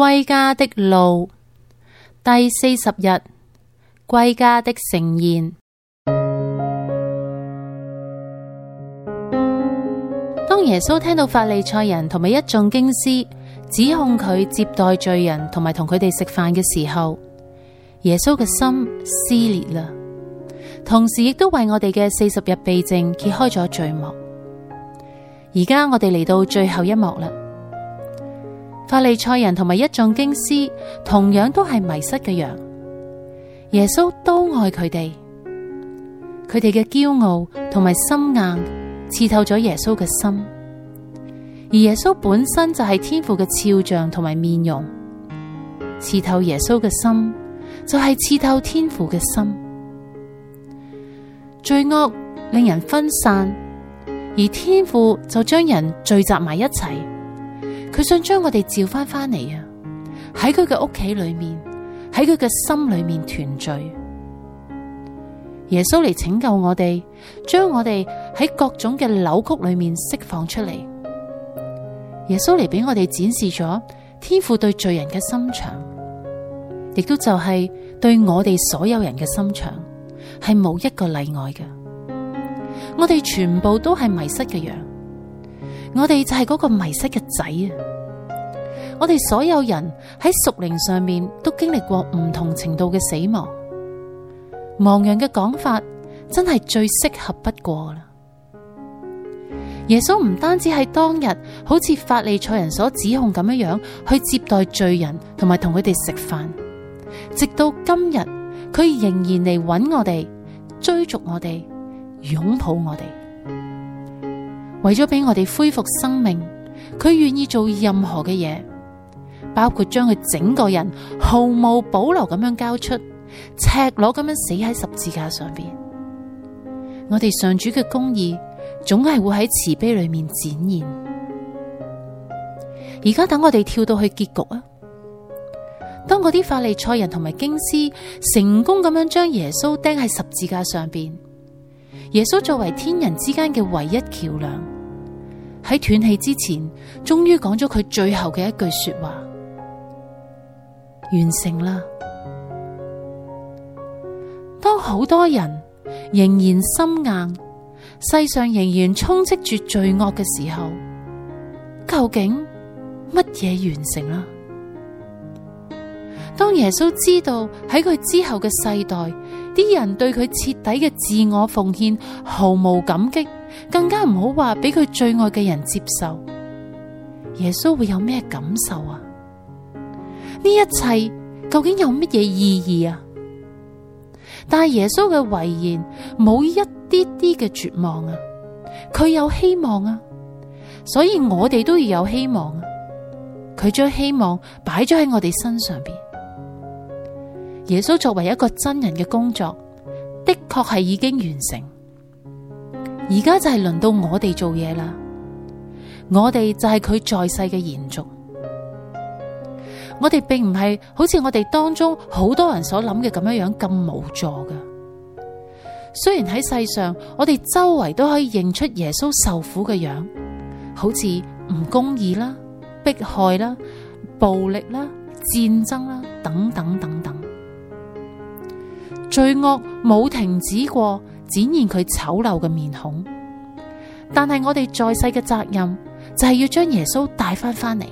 歸家的路第四十日，歸家的盛宴。當耶穌聽到法利賽人同埋一眾經師指控佢接待罪人同埋同佢哋食飯嘅時候，耶穌嘅心撕裂啦。同時亦都為我哋嘅四十日避靜揭開咗序幕。而家我哋嚟到最後一幕啦。法利賽人同埋一眾經師同樣都係迷失嘅羊，耶穌都愛佢哋，佢哋嘅驕傲同埋心硬刺透咗耶穌嘅心，而耶穌本身就係天父嘅肖像同埋面容，刺透耶穌嘅心就係刺透天父嘅心。罪惡令人分散，而天父就將人聚集埋一齊。佢想將我哋召翻翻嚟啊，喺佢嘅屋企裏面，喺佢嘅心裏面團聚。耶穌嚟拯救我哋，將我哋喺各種嘅扭曲裏面釋放出嚟。耶穌嚟俾我哋展示咗天父對罪人嘅心腸，亦都就係對我哋所有人嘅心腸，係冇一個例外嘅。我哋全部都係迷失嘅羊。我哋就係嗰個迷失嘅仔啊！我哋所有人喺屬靈上面都經歷過唔同程度嘅死亡，亡羊嘅講法真係最適合不過啦。耶穌唔單止係當日好似法利賽人所指控咁樣樣去接待罪人同埋同佢哋食飯，直到今日佢仍然嚟揾我哋，追逐我哋，擁抱我哋。為咗俾我哋恢復生命，佢願意做任何嘅嘢，包括將佢整個人毫無保留咁樣交出，赤裸咁樣死喺十字架上邊。我哋上主嘅公義總係會喺慈悲裏面展現。而家等我哋跳到去結局啊！當嗰啲法利賽人同埋經師成功咁樣將耶穌釘喺十字架上邊，耶穌作為天人之間嘅唯一橋樑。喺斷氣之前，終於講咗佢最後嘅一句說話，完成啦。當好多人仍然心硬，世上仍然充斥住罪惡嘅時候，究竟乜嘢完成啦？當耶穌知道喺佢之後嘅世代，啲人對佢徹底嘅自我奉獻毫無感激。更加唔好話俾佢最愛嘅人接受，耶穌會有咩感受啊？呢一切究竟有乜嘢意義啊？但係耶穌嘅遺言冇一啲啲嘅絕望啊，佢有希望啊，所以我哋都要有希望啊。佢將希望擺咗喺我哋身上邊。耶穌作為一個真人嘅工作，的確係已經完成。而家就係輪到我哋做嘢啦，我哋就係佢在世嘅延續，我哋並唔係好似我哋當中好多人所諗嘅咁樣樣咁無助噶。雖然喺世上，我哋周圍都可以認出耶穌受苦嘅樣，好似唔公義啦、迫害啦、暴力啦、戰爭啦等等等等，罪惡冇停止過。展現佢醜陋嘅面孔，但係我哋在世嘅責任就係要將耶穌帶翻翻嚟。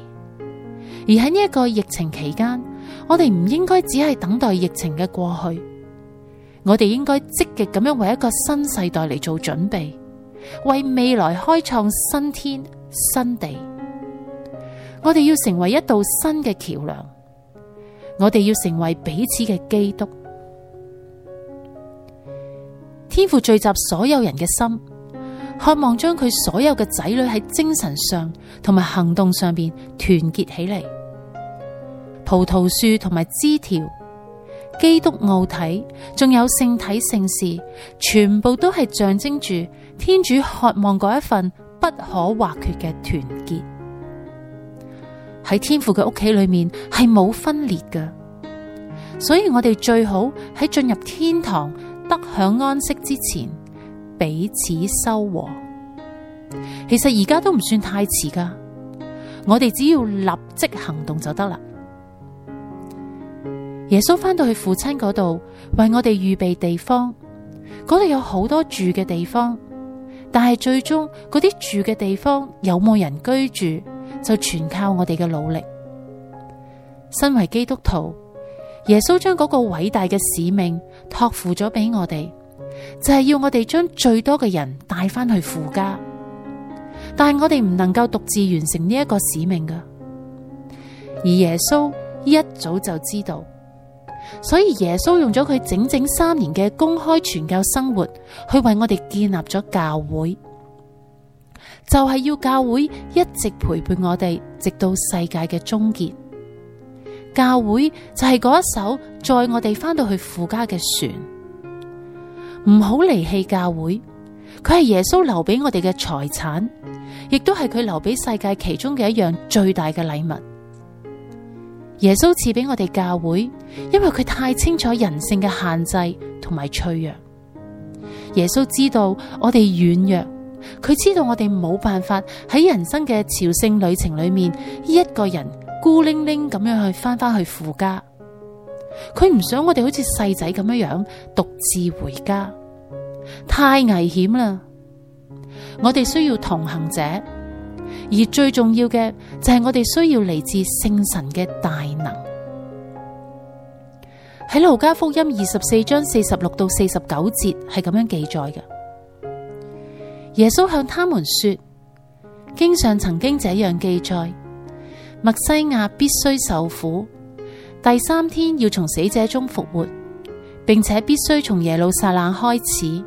而喺呢一個疫情期間，我哋唔應該只係等待疫情嘅過去，我哋應該積極咁樣為一個新世代嚟做準備，為未來開創新天新地。我哋要成為一道新嘅橋樑，我哋要成為彼此嘅基督。天父聚集所有人嘅心，渴望將佢所有嘅仔女喺精神上同埋行動上邊團結起嚟。葡萄樹同埋枝條、基督奧體，仲有聖體聖事，全部都係象徵住天主渴望嗰一份不可或缺嘅團結。喺天父嘅屋企裏面係冇分裂嘅，所以我哋最好喺進入天堂。得享安息之前，彼此修和。其實而家都唔算太遲噶，我哋只要立即行動就得啦。耶穌翻到去父親嗰度，為我哋預備地方，嗰度有好多住嘅地方，但係最終嗰啲住嘅地方有冇人居住，就全靠我哋嘅努力。身為基督徒。耶穌將嗰個偉大嘅使命托付咗俾我哋，就係、是、要我哋將最多嘅人帶翻去父家。但係我哋唔能夠獨自完成呢一個使命噶而耶穌一早就知道，所以耶穌用咗佢整整三年嘅公開傳教生活，去為我哋建立咗教會，就係、是、要教會一直陪伴我哋，直到世界嘅終結。教會就係嗰一艘載我哋翻到去父家嘅船，唔好離棄教會。佢係耶穌留俾我哋嘅財產，亦都係佢留俾世界其中嘅一樣最大嘅禮物。耶穌賜俾我哋教會，因為佢太清楚人性嘅限制同埋脆弱。耶穌知道我哋軟弱，佢知道我哋冇辦法喺人生嘅朝聖旅程裏面一個人。孤零零咁樣去翻翻去父家，佢唔想我哋好似細仔咁樣樣獨自回家，太危險啦！我哋需要同行者，而最重要嘅就係我哋需要嚟自聖神嘅大能。喺路加福音二十四章四十六到四十九節係咁樣記載嘅。耶穌向他們說：經上曾經這樣記載。麥西亞必須受苦，第三天要從死者中復活，並且必須從耶路撒冷開始，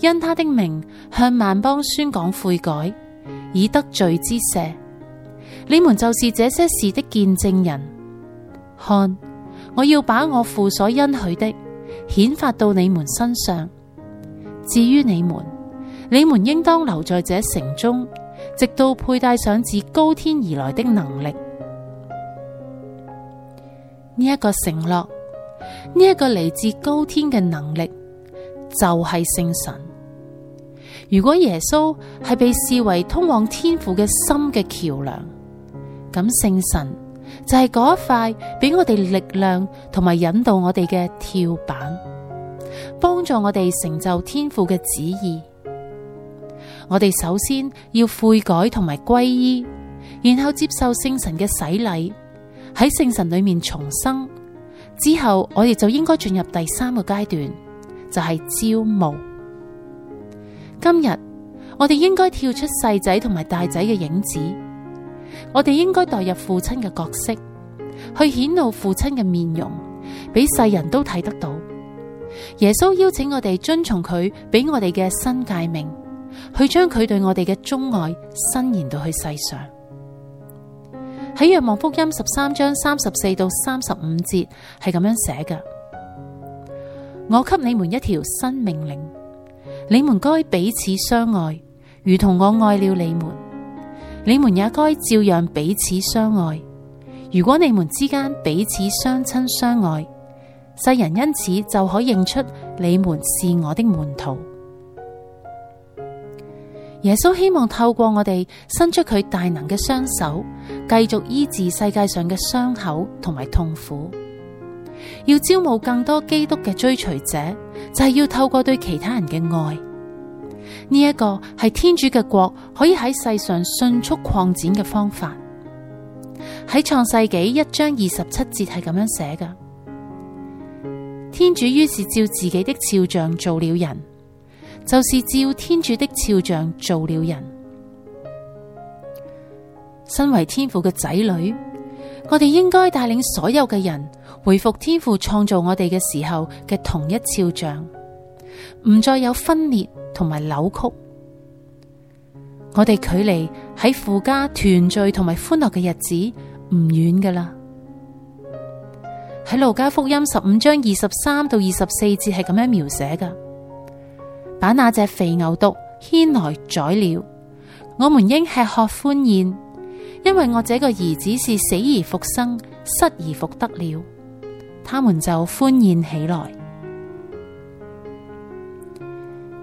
因他的名向萬邦宣講悔改，以得罪之赦。你們就是這些事的見證人，看，我要把我父所恩許的顯發到你們身上。至於你們，你們應當留在這城中。直到佩戴上自高天而來的能力，呢、這、一個承諾，呢、這、一個嚟自高天嘅能力就係、是、聖神。如果耶穌係被視為通往天父嘅心嘅橋樑，咁聖神就係嗰一塊俾我哋力量同埋引導我哋嘅跳板，幫助我哋成就天父嘅旨意。我哋首先要悔改同埋皈依，然後接受聖神嘅洗禮，喺聖神裏面重生之後，我哋就應該進入第三個階段，就係招募。今日我哋應該跳出細仔同埋大仔嘅影子，我哋應該代入父親嘅角色，去顯露父親嘅面容，俾世人都睇得到。耶穌邀請我哋遵從佢俾我哋嘅新誡命。去將佢對我哋嘅鍾愛伸延到去世上。喺《若望福音》十三章三十四到三十五節係咁樣寫嘅： 我給你們一條新命令，你們該彼此相愛，如同我愛了你們。你們也該照樣彼此相愛。如果你們之間彼此相親相愛，世人因此就可認出你們是我的門徒。耶穌希望透過我哋伸出佢大能嘅雙手，繼續醫治世界上嘅傷口同埋痛苦。要招募更多基督嘅追隨者，就係要透過對其他人嘅愛。呢一個係天主嘅國可以喺世上迅速擴展嘅方法。喺創世紀一章二十七節係咁樣寫噶：天主於是照自己的肖像造了人。就是照天主的肖像造了人。身為天父嘅仔女，我哋應該帶領所有嘅人回復天父創造我哋嘅時候嘅同一肖像，唔再有分裂同埋扭曲。我哋距離喺父家團聚同埋歡樂嘅日子唔遠噶啦。喺路加福音十五章二十三到二十四節係咁樣描寫噶。把那隻肥牛犢牽來宰了，我們應吃喝歡宴，因為我這個兒子是死而復生、失而復得了，他們就歡宴起來。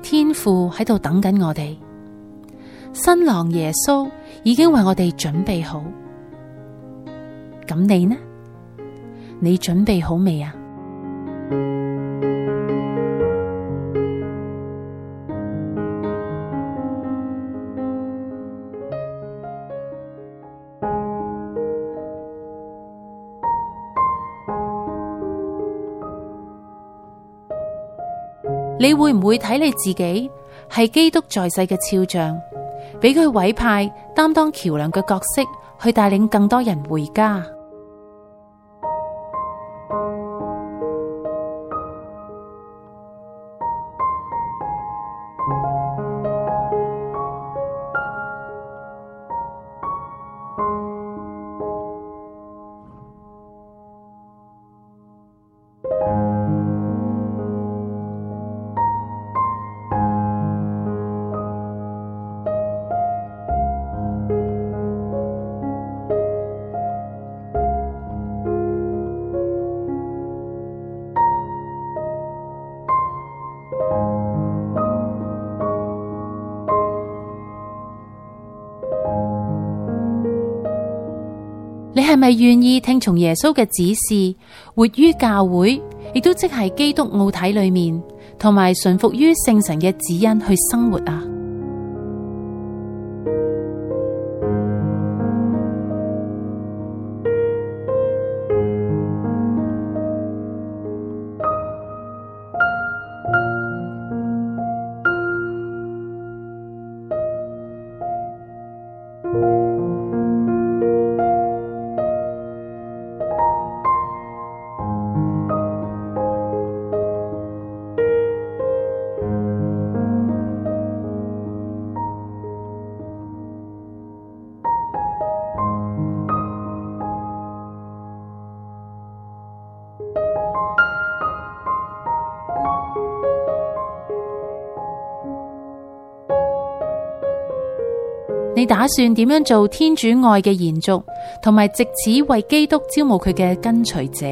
天父喺度等緊我哋，新郎耶穌已經為我哋準備好，咁你呢？你準備好未啊？你會唔會睇你自己係基督在世嘅肖像，俾佢委派擔當橋樑嘅角色，去帶領更多人回家？你係咪願意聽從耶穌嘅指示，活於教會，亦都即係基督奧體裏面，同埋順服於聖神嘅指引去生活啊？你打算點樣做天主愛嘅延續，同埋借此為基督招募佢嘅跟隨者？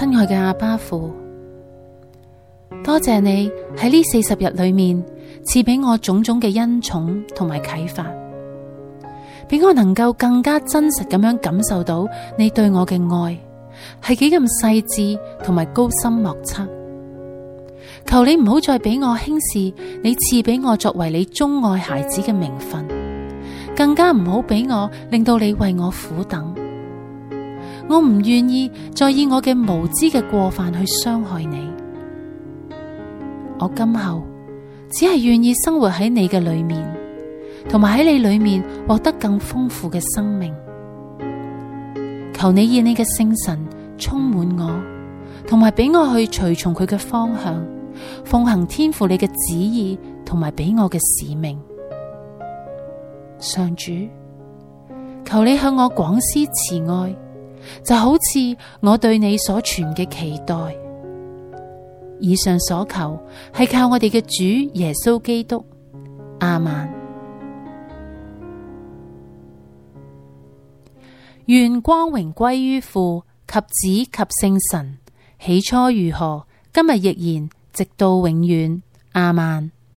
親愛嘅阿爸父，多謝你喺呢四十日裏面賜俾我種種嘅恩寵同埋啟發，俾我能夠更加真實咁樣感受到你對我嘅愛係幾咁細緻同埋高深莫測。求你唔好再俾我輕視你賜俾我作為你鍾愛孩子嘅名分，更加唔好俾我令到你為我苦等。我唔願意再以我嘅無知嘅過犯去傷害你。我今後只係願意生活喺你嘅裏面，同埋喺你裏面獲得更豐富嘅生命。求你以你嘅聖神充滿我，同埋俾我去隨從佢嘅方向，奉行天父你嘅旨意，同埋俾我嘅使命。上主，求你向我廣施慈愛。就好似我對你所存嘅期待，以上所求係靠我哋嘅主耶穌基督。阿曼。願光榮歸於父及子及聖神，起初如何，今日亦然，直到永遠。阿曼。